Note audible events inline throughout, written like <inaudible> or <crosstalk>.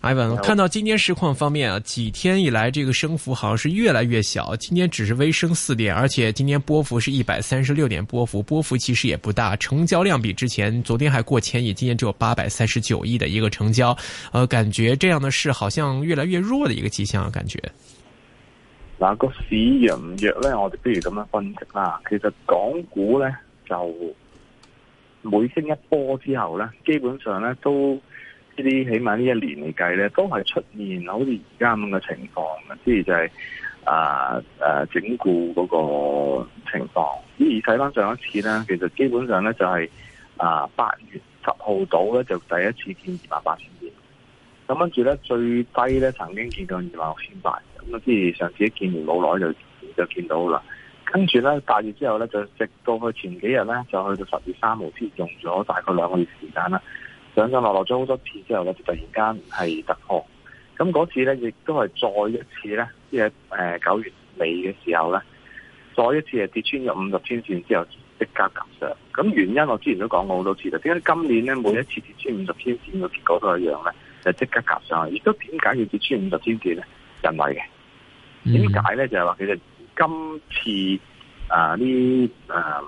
Ivan 好看到今天市況方面啊，幾天以來這個升幅好像是越來越小，今天只是微升四點，而且今天波幅是一百三十六點，波幅波幅其實也不大，成交量比之前昨天還過千億，今天只有八百三十九億的一個成交，呃，感覺這樣的市好像越來越弱的一個跡象啊，感覺。嗱，個市人弱唔弱咧？我哋不如咁樣分析啦。其實港股咧就每升一波之後咧，基本上咧都。呢啲起碼呢一年嚟計咧，都係出現好似而家咁嘅情況嘅，即係就係、是、啊啊整固嗰個情況。而睇返上一次咧，其實基本上咧就係啊八月十號到咧就第一次見二萬八千點。咁跟住咧最低咧曾經見到二萬六千八。咁啊，即係上次一見完冇耐就就見到啦。跟住咧八月之後咧就直到去前幾日咧就去到十月三號，先用咗大概兩個月時間啦。上上落落咗好多次之後咧，就突然間係突破。咁嗰次咧，亦都係再一次咧，即係誒九月尾嘅時候咧，再一次係跌穿咗五十天線之後，即刻夾上，上。咁原因我之前都講過好多次啦。點解今年咧每一次跌穿五十天線嘅結果都係一樣咧？就即刻夾上，上。亦都點解要跌穿五十天線咧？人、嗯、為嘅。點解咧？就係、是、話其實今次啊呢誒、啊、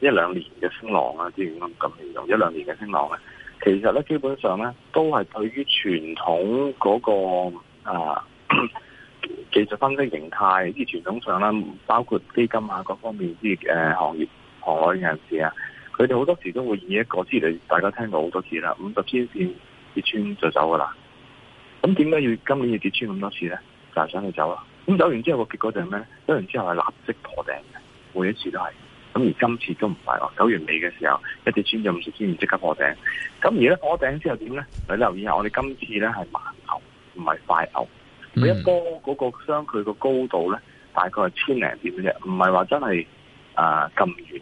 一兩年嘅升浪啊之類咁咁，形容一兩年嘅升浪咧。其實咧，基本上咧，都係對於傳統嗰、那個啊技術分析形態，啲傳統上啦，包括基金啊，各方面啲誒、呃、行業、行業人士啊，佢哋好多時都會以一個之前大家聽到好多次啦，五十天線跌穿就走噶啦。咁點解要今年要跌穿咁多次咧？就係、是、想你走啦。咁走完之後個結果就係咩？走完之後係立即破頂嘅，每一次都係。咁而今次都唔係喎，九月尾嘅時候一直穿咗五十天唔即刻破頂。咁而咧破頂之後點咧？你留意下，我哋今次咧係慢牛，唔係快牛。每、嗯、一波嗰個相距個高度咧，大概係千零點啫，唔係話真係呃、咁遠。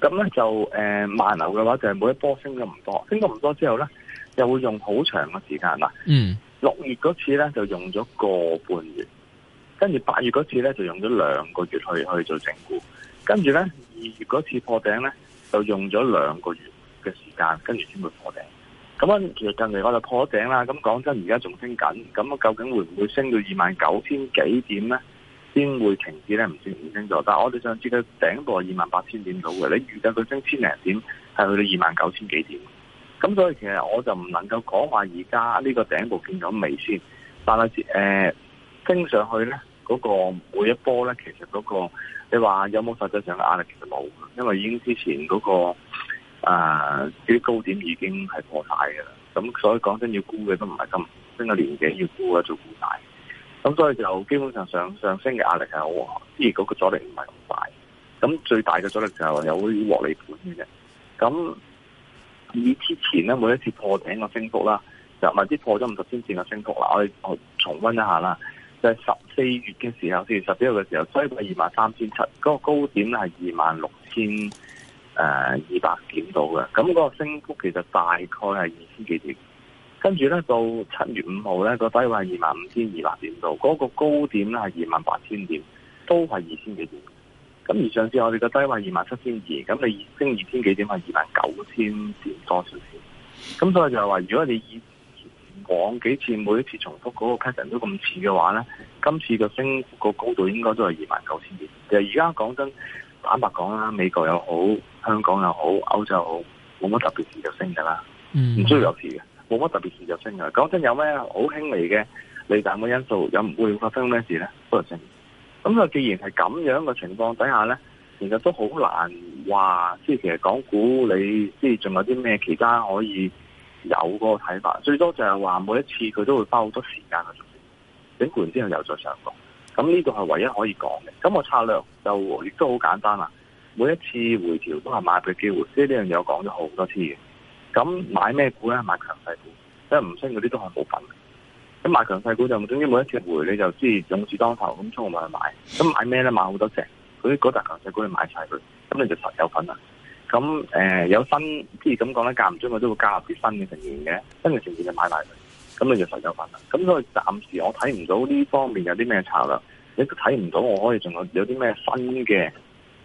咁咧就誒慢牛嘅話，就係、呃、每一波升咗唔多，升咗唔多之後咧，又會用好長嘅時間啦。嗯，六月嗰次咧就用咗個半月，跟住八月嗰次咧就用咗兩個月去去做整固。跟住呢，二月嗰次破頂呢，就用咗兩個月嘅時間，跟住先會破頂。咁、嗯、啊，其實近嚟我就破咗頂啦。咁、嗯、講真，而家仲升緊。咁、嗯嗯、究竟會唔會升到二萬九千幾點呢？先會停止呢？唔算唔清楚。但我哋上次嘅頂部係二萬八千點到嘅。你預計佢升千零點，係去到二萬九千幾點。咁、嗯、所以其實我就唔能夠講話而家呢個頂部見咗未先，但係誒、呃、升上去呢。嗰個每一波咧，其實嗰、那個你話有冇實際上嘅壓力沒有？其實冇，因為已經之前嗰、那個誒啲、呃、高點已經係破大嘅啦。咁所以講真，要估嘅都唔係咁，升到年幾要估咧做估大。咁所以就基本上上上升嘅壓力有，雖然嗰個阻力唔係咁大。咁最大嘅阻力就係有啲獲利盤嘅。啫。咁以之前咧，每一次破頂嘅升幅啦，就或者破咗五十先點嘅升幅啦，我哋去重溫一下啦。就係十四月嘅時候，四月十一號嘅時候，低位二萬三千七，嗰個高點咧係二萬六千誒二百點到嘅。咁，嗰個升幅其實大概係二千幾點。跟住咧到七月五號咧，嗰個低位二萬五千二百點到，嗰，嗰個高點咧係二萬八千點，都係二千幾點。咁而上次我哋個低位二萬七千二，咁你升二千幾點係二萬九千點多少少。咁所以就係話，如果你以講幾次，每一次重複嗰個 pattern 都咁似嘅話咧，今次嘅升個高度應該都係二萬九千點。其實而家講真，坦白講啦，美國又好，香港又好，歐洲又好，冇乜特別事就升噶啦，嗯、唔需要有事嘅，冇乜特別事就升噶啦。講真有，有咩好輕微嘅利淡嘅因素，有唔會發生咩事咧？都係升。咁啊，既然係咁樣嘅情況底下咧，其實都好難話，即係其實港股你即係仲有啲咩其他可以？有嗰個睇法，最多就係話每一次佢都會花好多時間去做，整完之後又再上落，咁呢個係唯一可以講嘅。咁我策略就亦都好簡單啦，每一次回調都係買佢機會，即係呢樣嘢我講咗好多次嘅。咁買咩股咧？買強勢股，因為唔升嗰啲都係冇份。咁買強勢股就總之每一次回你就知係勇字當頭，咁我上去買，咁買咩咧？買好多隻佢啲嗰紮強勢股，你買曬佢，咁你就實有份啦。咁誒、呃、有新，即係咁講咧，隔唔中佢都會加入啲新嘅成員嘅，新嘅成員就買埋佢，咁你就隨手揈啦。咁所以暫時我睇唔到呢方面有啲咩策略，你睇唔到我可以仲有有啲咩新嘅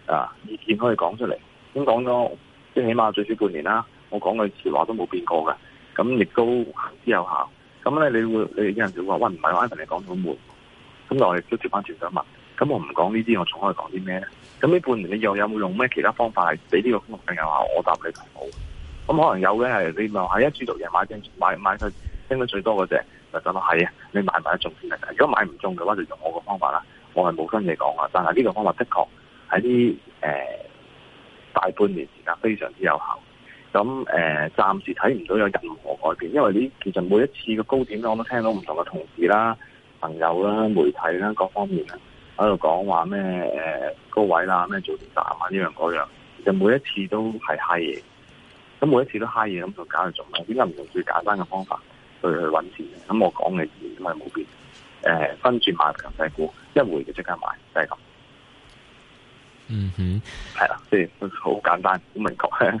啊意見可以講出嚟。咁講咗，即係起碼最少半年啦，我講句詞話都冇變過嘅，咁亦都行之有效。咁咧，你會你啲人就會話：，喂，唔係 iPhone 你講到悶，咁我亦都接翻條想問。咁我唔講呢啲，我仲可以講啲咩咧？咁呢半年你又有冇用咩其他方法係俾呢個工作朋友話我答你唔好？咁可能有嘅係你咪話一注獨贏買一張買買佢升得最多嗰隻，就咁咯。係啊，你買唔買得中先得㗎。如果買唔中嘅話，就用我個方法啦。我係冇新嘢講啊。但係呢個方法的確喺啲誒大半年時間非常之有效。咁、呃、暫時睇唔到有任何改變，因為呢其實每一次嘅高點我都聽到唔同嘅同事啦、朋友啦、媒體啦各方面喺度講話咩？誒嗰位啦，咩做點賺啊？呢樣嗰樣，就每一次都係蝦嘢，咁每一次都蝦嘢，咁就搞嚟做咩？點解唔用最簡單嘅方法去去揾錢？咁我講嘅嘢應該冇變，誒、呃、分轉買強勢股，一回就即刻買，就係、是、咁。嗯哼，係啦，即係好簡單，好明確。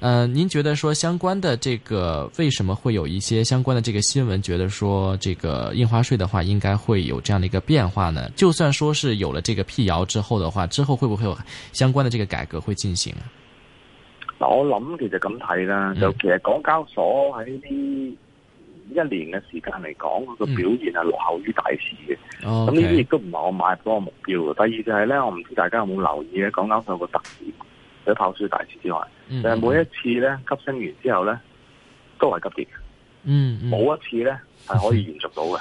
呃，您覺得說相關的這個為什麼會有一些相關的這個新聞？覺得說這個印花稅的話，應該會有這樣的一個變化呢？就算說是有了這個辟謠之後的話，之後會不會有相關的這個改革會進行？嗱，我諗其實咁睇啦，嗯、就其實港交所喺呢一年嘅時間嚟講，佢個、嗯、表現係落後於大市嘅。咁呢啲亦都唔係我買個目標嘅。第二就係咧，我唔知大家有冇留意咧，港交所有個特點。除咗跑輸大市之外，但係每一次咧急升完之後咧，都係急跌嘅，嗯，冇一次咧係可以延續到嘅。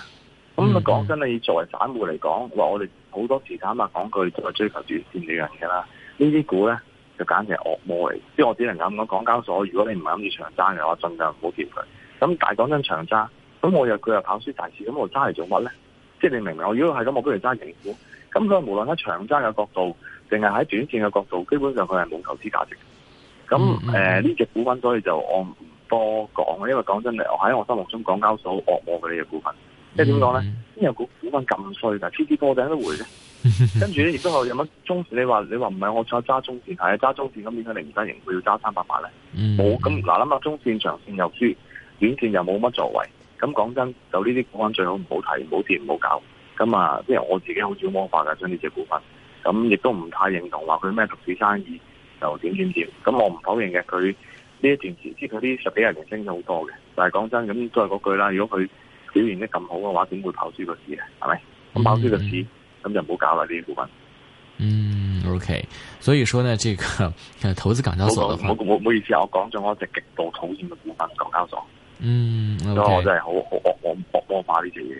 咁講真，你作為散戶嚟講，話我哋好多時坦白講句，就係追求短線呢樣嘢啦。呢啲股咧就簡直係惡魔嚟，即係我只能咁講。港交所，如果你唔係諗住長揸嘅話，盡量唔好叫佢。咁但係講真長，長揸咁，我又佢又跑輸大市，咁我揸嚟做乜咧？即係你明唔明？我如果係咁，我不如揸盈股。咁佢無論喺長揸嘅角度，定係喺短線嘅角度，基本上佢係冇投資價值。咁誒，呢隻股份，所以就我唔多講，因為講真你，我喺我心目中港交所惡魔嘅呢隻股份。即係點講咧？有股股份咁衰，但係天天波頂都回嘅。跟住咧，亦都有乜中線？你話你話唔係我再揸中線，係啊揸中線咁點解你唔得贏？佢要揸三百萬咧？冇咁嗱，諗下中線、長線又輸，短線又冇乜作為。咁講真，就呢啲股份最好唔好睇，唔好掂，唔好搞。咁啊，即係我自己好少魔法嘅，將呢隻股份，咁亦都唔太認同話佢咩獨市生意就點點點。咁我唔否認嘅，佢呢一段時間，佢啲十幾日嚟升咗好多嘅。但係講真，咁都係嗰句啦。如果佢表現得咁好嘅話，點會跑輸個市嘅？係咪、嗯？咁跑輸個市，咁、嗯、就唔好搞啦呢啲股份。嗯，OK。所以說呢，這個投資港交所嘅話，唔好我唔好意思，我講咗我隻極度討厭嘅股份，港交所。嗯，okay. 我真係好好惡惡魔法呢隻嘢。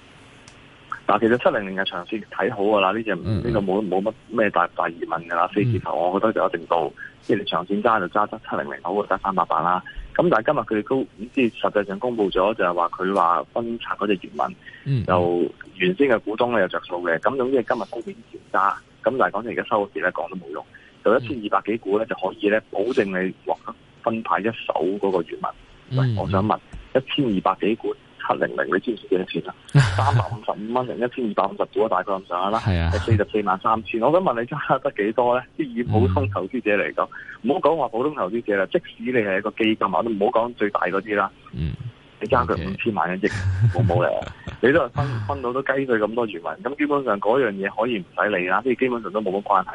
嗱，其實七零零嘅長線睇好噶啦，呢隻呢個冇冇乜咩大大疑問噶啦，四字頭，我覺得就一定到，即係、嗯、長線揸就揸得七零零好，得三百八啦。咁但係今日佢哋公，即係實際上公佈咗，就係話佢話分拆嗰隻閱文，嗯、就原先嘅股東咧有着數嘅。咁總之，今日高點跳揸，咁但係講住而家收嗰時咧講都冇用，就一千二百幾股咧就可以咧保證你獲得分派一手嗰個閱文。嗯、我想問一千二百幾股？1, 七零零，700, 你知唔知幾多錢啊？三百五十五蚊，零一千二百五十股啊，大概咁上下啦。係啊，係四十四萬三千。我想問你揸得幾多咧？即以普通投資者嚟講，唔好講話普通投資者啦，即使你係一個基金啊，都唔好講最大嗰啲啦。嗯，你揸佢五千萬一億，好冇咧？ <laughs> 你都係分分到都雞碎咁多餘文，咁基本上嗰樣嘢可以唔使理啦，即基本上都冇乜關係。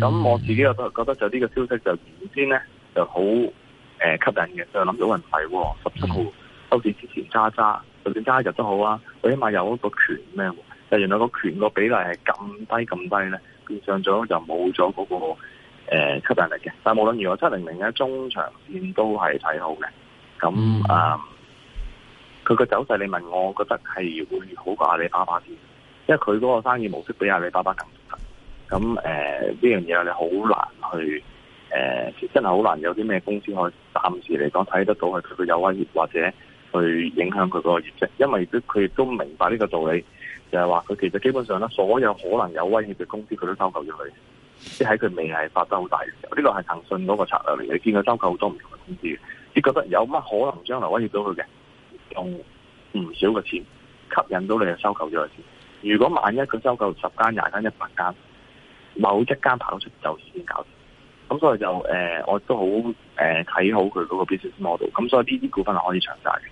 咁、嗯、我自己覺覺得就呢個消息就原先咧就好誒、呃、吸引嘅，就諗到問題，十七號。嗯就算之前揸揸，就算加入都好啊，佢起碼有一個權咩？但原來個權個比例係咁低咁低咧，變相咗就冇咗嗰個誒吸引力嘅。但無論如何，七零零咧中長線都係睇好嘅。咁啊、嗯，佢個、嗯嗯、走勢你問我，我覺得係會好過阿里巴巴啲，因為佢嗰個生意模式比阿里巴巴更獨特咁誒，呢樣嘢啊，你、呃、好、這個、難去誒、呃，真係好難有啲咩公司可以暫時嚟講睇得到係佢嘅有威脅或者。去影響佢個業績，因為佢亦都明白呢個道理，就係話佢其實基本上咧，所有可能有威脅嘅公司，佢都收購咗佢。即喺佢未係發得好大嘅時候，呢個係騰訊嗰個策略嚟嘅。你見佢收購好多唔同嘅公司，即覺得有乜可能將來威脅到佢嘅，用唔少嘅錢吸引到你去收購咗佢。如果萬一佢收購十間、廿間、一百間，某一間跑出就先搞掂。咁所以就、呃、我都、呃、好誒睇好佢嗰個 business model。咁所以呢啲股份係可以長大嘅。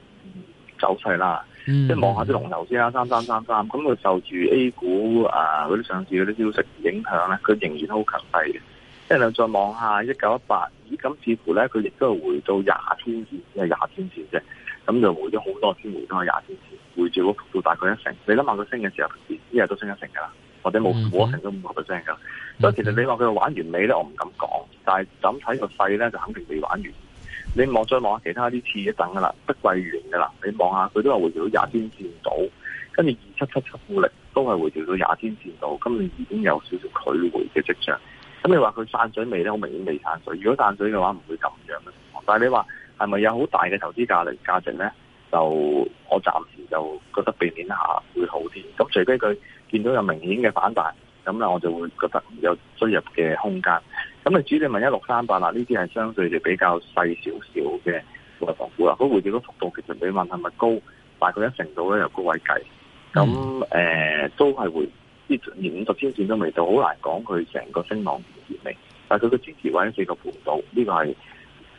走勢啦，即係望下啲龍頭先啦，三三三三，咁佢受住 A 股啊嗰啲上市嗰啲消息影響咧，佢仍然都好強勢嘅。即係再望下一九一八，咦咁似乎咧佢亦都係回到廿天前，即係廿天前啫，咁就回咗好多天，回咗廿天前，回住個幅度大概一成。你諗下佢升嘅時候，一日都升一成㗎啦，或者冇冇一成都五個 percent 㗎。嗯、哼所以其實你話佢玩完未咧，我唔敢講，但係咁睇個勢咧，就肯定未玩完。你望再望下其他啲次一等噶啦，碧桂園噶啦，你望下佢都係回調到廿天綫度，跟住二七七七富力都係回調到廿天綫度，咁你已經有少少退回嘅跡象。咁你話佢散水未咧？好明顯未散水。如果散水嘅話，唔會咁樣。但係你話係咪有好大嘅投資價值咧？就我暫時就覺得避免下會好啲。咁除非佢見到有明顯嘅反彈，咁我就會覺得有追入嘅空間。咁你主力問一六三八啦，呢啲係相對地比較細少少嘅內房股啦。個回調個幅度其實你問係咪高，大概一成度咧，由高位計，咁誒、mm. 呃、都係回，即係連五十天線都未到，好難講佢成個升浪完未？但係佢嘅支持位喺四個半度，呢、呢個係誒、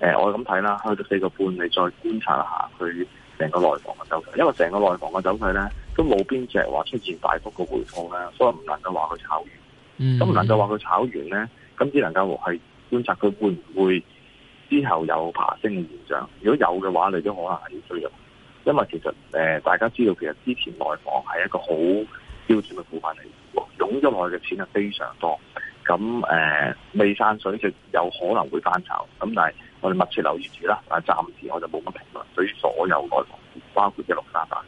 呃、我咁睇啦，去到四個半你再觀察下佢成個內房嘅走勢，因為成個內房嘅走勢咧都冇邊隻話出現大幅嘅回吐啦，所以唔能夠話佢炒完，咁唔、mm hmm. 能夠話佢炒完咧。咁只能夠係觀察佢會唔會之後有爬升嘅現象。如果有嘅話，你都可能係要追入，因為其實誒大家知道，其實之前內房係一個好標準嘅股份嚟，湧咗落去嘅錢係非常多。咁誒未散水就有可能會翻炒。咁但係我哋密切留意住啦。但係暫時我就冇乜評論，對於所有內房，包括嘅龍沙板。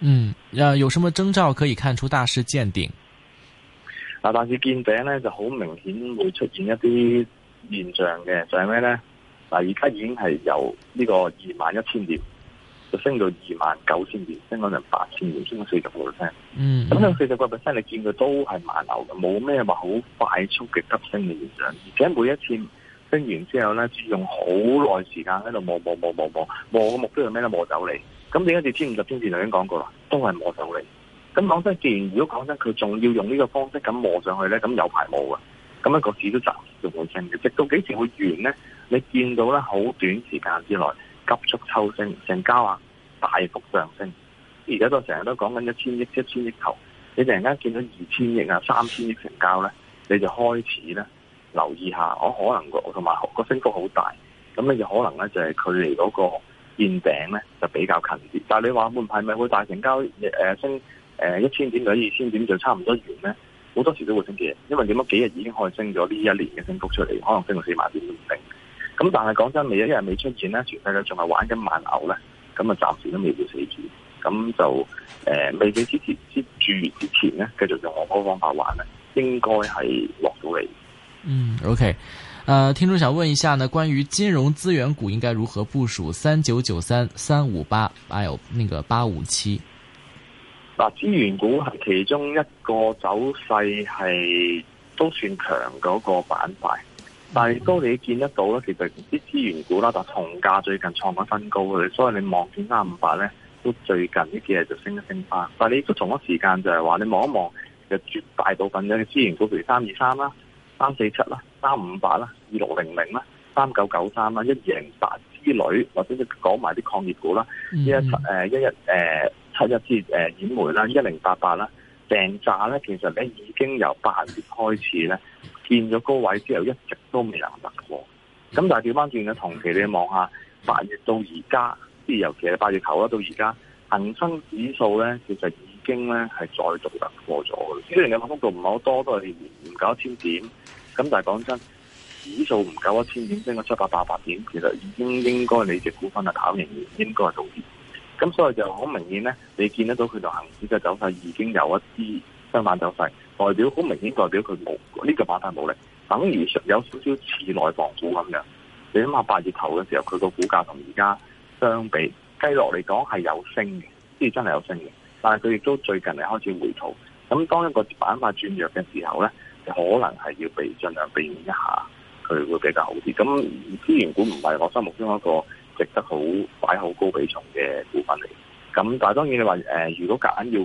嗯，啊，有什麼徵兆可以看出大市見頂？嗱，但是見頂咧就好明顯會出現一啲現象嘅，就係咩咧？嗱，而家已經係由呢個二萬一千點，就升到二萬九千點，升咗成八千點，升咗四十個 percent。嗯，咁呢四十個 percent 你見佢都係慢流嘅，冇咩話好快速嘅急升嘅現象，而且每一次升完之後咧，只用好耐時間喺度磨磨磨磨磨，磨嘅目標係咩咧？磨走你。咁點解你千五十天線已經講過啦？都係摸走你。咁講真，既然如果講真，佢仲要用呢個方式咁摸上去咧，咁有排冇啊？咁、那、一個市都暫時仲冇升嘅，直到幾時會完咧？你見到咧好短時間之內急速抽升，成交啊大幅上升，而家都成日都講緊一千億、一千億頭，你突然間見到二千億啊、三千億成交咧，你就開始咧留意下，我可能個同埋個升幅好大，咁你就可能咧就係、是、距離嗰個見頂咧就比較近啲。但你話會唔係咪會大成交誒、呃、升？誒，一千點到二千點就差唔多完咧，好多時都會升幾日，因為點解幾日已經可以升咗呢一年嘅升幅出嚟，可能升到四萬點都唔定。咁但係講真，未一日未出錢咧，全世界仲係玩緊慢牛咧，咁啊暫時都未必死住。咁就誒未俾支持接住之前咧，繼續用我嗰個方法玩咧，應該係落到嚟。嗯，OK，誒、uh,，聽眾想問一下呢，關於金融資源股應該如何部署？三九九三、三五八，還、嗯嗯嗯嗯嗯、有那個八五七。嗱，資源股係其中一個走勢係都算強嗰個板塊，但係都你見得到啦，其實啲資源股啦，就同價最近創緊新高嘅。所以你望見三五八咧，都最近呢幾日就升一升翻。但係你都同一時間就係話，你望一望就絕大部分嘅資源股，譬如三二三啦、三四七啦、三五八啦、二六零零啦、三九九三啦、一二零八之類，或者你講埋啲礦業股啦，呢一誒一日誒。呃一日呃七一至誒染煤啦，一零八八啦，定渣咧，其實咧已經由八月開始咧見咗高位之後，一直都未能突破。咁但係調翻轉嘅同期你看看，你望下八月到而家，尤其係八月頭啦到而家，恒生指數咧其實已經咧係再度突破咗。雖然你個幅度唔係好多，都係唔夠一千點。咁但係講真，指數唔夠一千點，升咗七百八十八點，其實已經應該你隻股份啊，跑贏應該係到。咁所以就好明顯咧，你見得到佢就恒指嘅走勢已經有一啲相反走勢，代表好明顯，代表佢冇呢個板塊冇力，等於有少少似內房股咁樣。你諗下八月頭嘅時候，佢個股價同而家相比計落嚟講係有升嘅，即係真係有升嘅。但係佢亦都最近係開始回吐。咁當一個板塊轉弱嘅時候咧，就可能係要避，儘量避免一下，佢會比較好啲。咁資源股唔係我心目中一個。值得好擺好高比重嘅股份嚟，咁但係當然你話、呃、如果揀要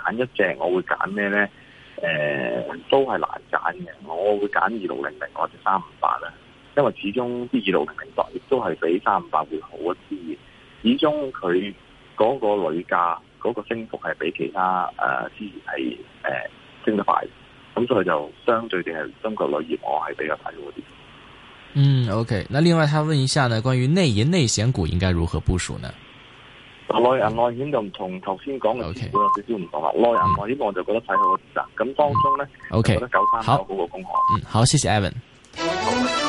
揀一隻，我會揀咩咧？誒都係難揀嘅，我會揀二六零零或者三五八啦，因為始終啲二六零零亦都係比三五八會好一啲，始終佢嗰個鋁價嗰個升幅係比其他誒資源係誒升得快，咁所以就相對地係中國鋁業我係比較睇好啲。嗯，OK。那另外，他問一下呢，關於內銀內險股應該如何部署呢？內銀內險就唔同頭先講嘅，OK。所以唔同啦，內銀內險我就覺得睇好咁當中 OK 九三個工行，嗯，好，謝謝 Evan。